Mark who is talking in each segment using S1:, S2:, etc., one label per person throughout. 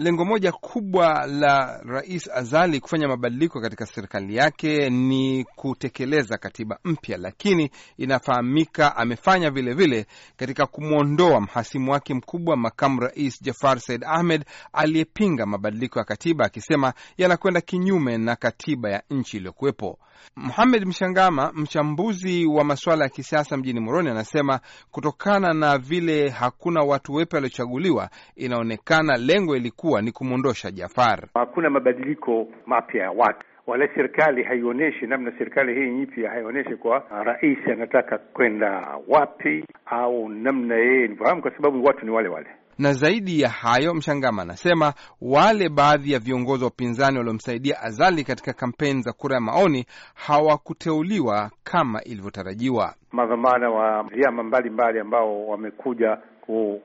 S1: Lengo moja kubwa la Rais Azali kufanya mabadiliko katika serikali yake ni kutekeleza katiba mpya, lakini inafahamika amefanya vilevile vile katika kumwondoa mhasimu wake mkubwa, makamu rais Jafar Said Ahmed aliyepinga mabadiliko ya katiba akisema yanakwenda kinyume na katiba ya nchi iliyokuwepo. Muhamed Mshangama, mchambuzi wa masuala ya kisiasa mjini Moroni, anasema kutokana na vile hakuna watu wepe waliochaguliwa, inaonekana lengo ilikuwa ilikuwa ni kumwondosha Jafar.
S2: Hakuna mabadiliko mapya ya watu wala serikali haionyeshi namna, serikali hii nyipya haionyeshi kwa rais anataka kwenda wapi au namna yeye nifahamu, kwa sababu watu ni wale wale.
S1: Na zaidi ya hayo, Mshangama anasema wale baadhi ya viongozi wa upinzani waliomsaidia Azali katika kampeni za kura ya maoni hawakuteuliwa kama ilivyotarajiwa.
S2: Madhamana wa vyama mbalimbali ambao wamekuja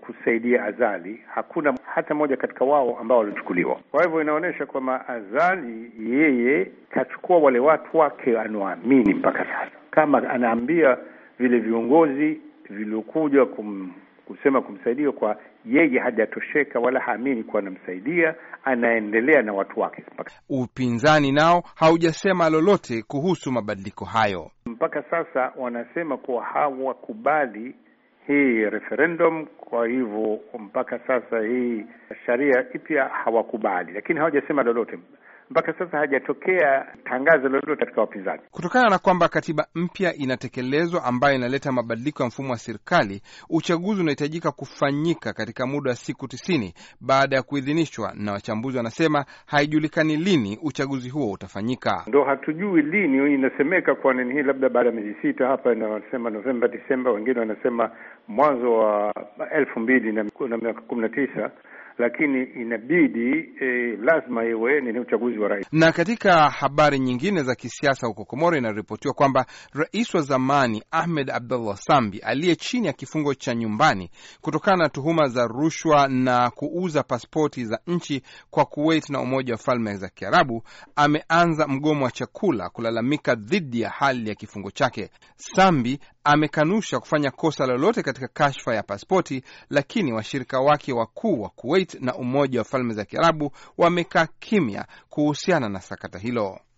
S2: kusaidia Azali, hakuna hata mmoja katika wao ambao walichukuliwa. Kwa hivyo inaonyesha kwamba Azali yeye kachukua wale watu wake anaoamini mpaka sasa, kama anaambia vile viongozi viliokuja kum, kusema kumsaidia kwa yeye hajatosheka wala haamini kuwa anamsaidia, anaendelea na watu wake. Mpaka
S1: upinzani nao haujasema lolote kuhusu mabadiliko hayo
S2: mpaka sasa. Wanasema kuwa hawakubali hii referendum. Kwa hivyo mpaka sasa hii sharia ipya hawakubali, lakini hawajasema lolote mpaka sasa hajatokea tangazo lolote katika
S1: wapinzani, kutokana na kwamba katiba mpya inatekelezwa ambayo inaleta mabadiliko ya mfumo wa serikali. Uchaguzi unahitajika kufanyika katika muda wa siku tisini baada ya kuidhinishwa, na wachambuzi wanasema haijulikani lini uchaguzi huo utafanyika.
S2: Ndo hatujui lini, inasemeka kwa nini hii, labda baada ya miezi sita hapa, inasema Novemba, Disemba, wengine wanasema mwanzo wa elfu mbili na miaka kumi na tisa lakini inabidi e, lazima iwe ni uchaguzi wa rais.
S1: Na katika habari nyingine za kisiasa huko Komoro, inaripotiwa kwamba rais wa zamani Ahmed Abdullah Sambi aliye chini ya kifungo cha nyumbani kutokana na tuhuma za rushwa na kuuza pasipoti za nchi kwa Kuwait na Umoja wa Falme za Kiarabu ameanza mgomo wa chakula kulalamika dhidi ya hali ya kifungo chake. Sambi amekanusha kufanya kosa lolote katika kashfa ya pasipoti, lakini washirika wake wakuu wa Kuwait Kuwait na Umoja wa Falme za Kiarabu wamekaa kimya kuhusiana na sakata hilo.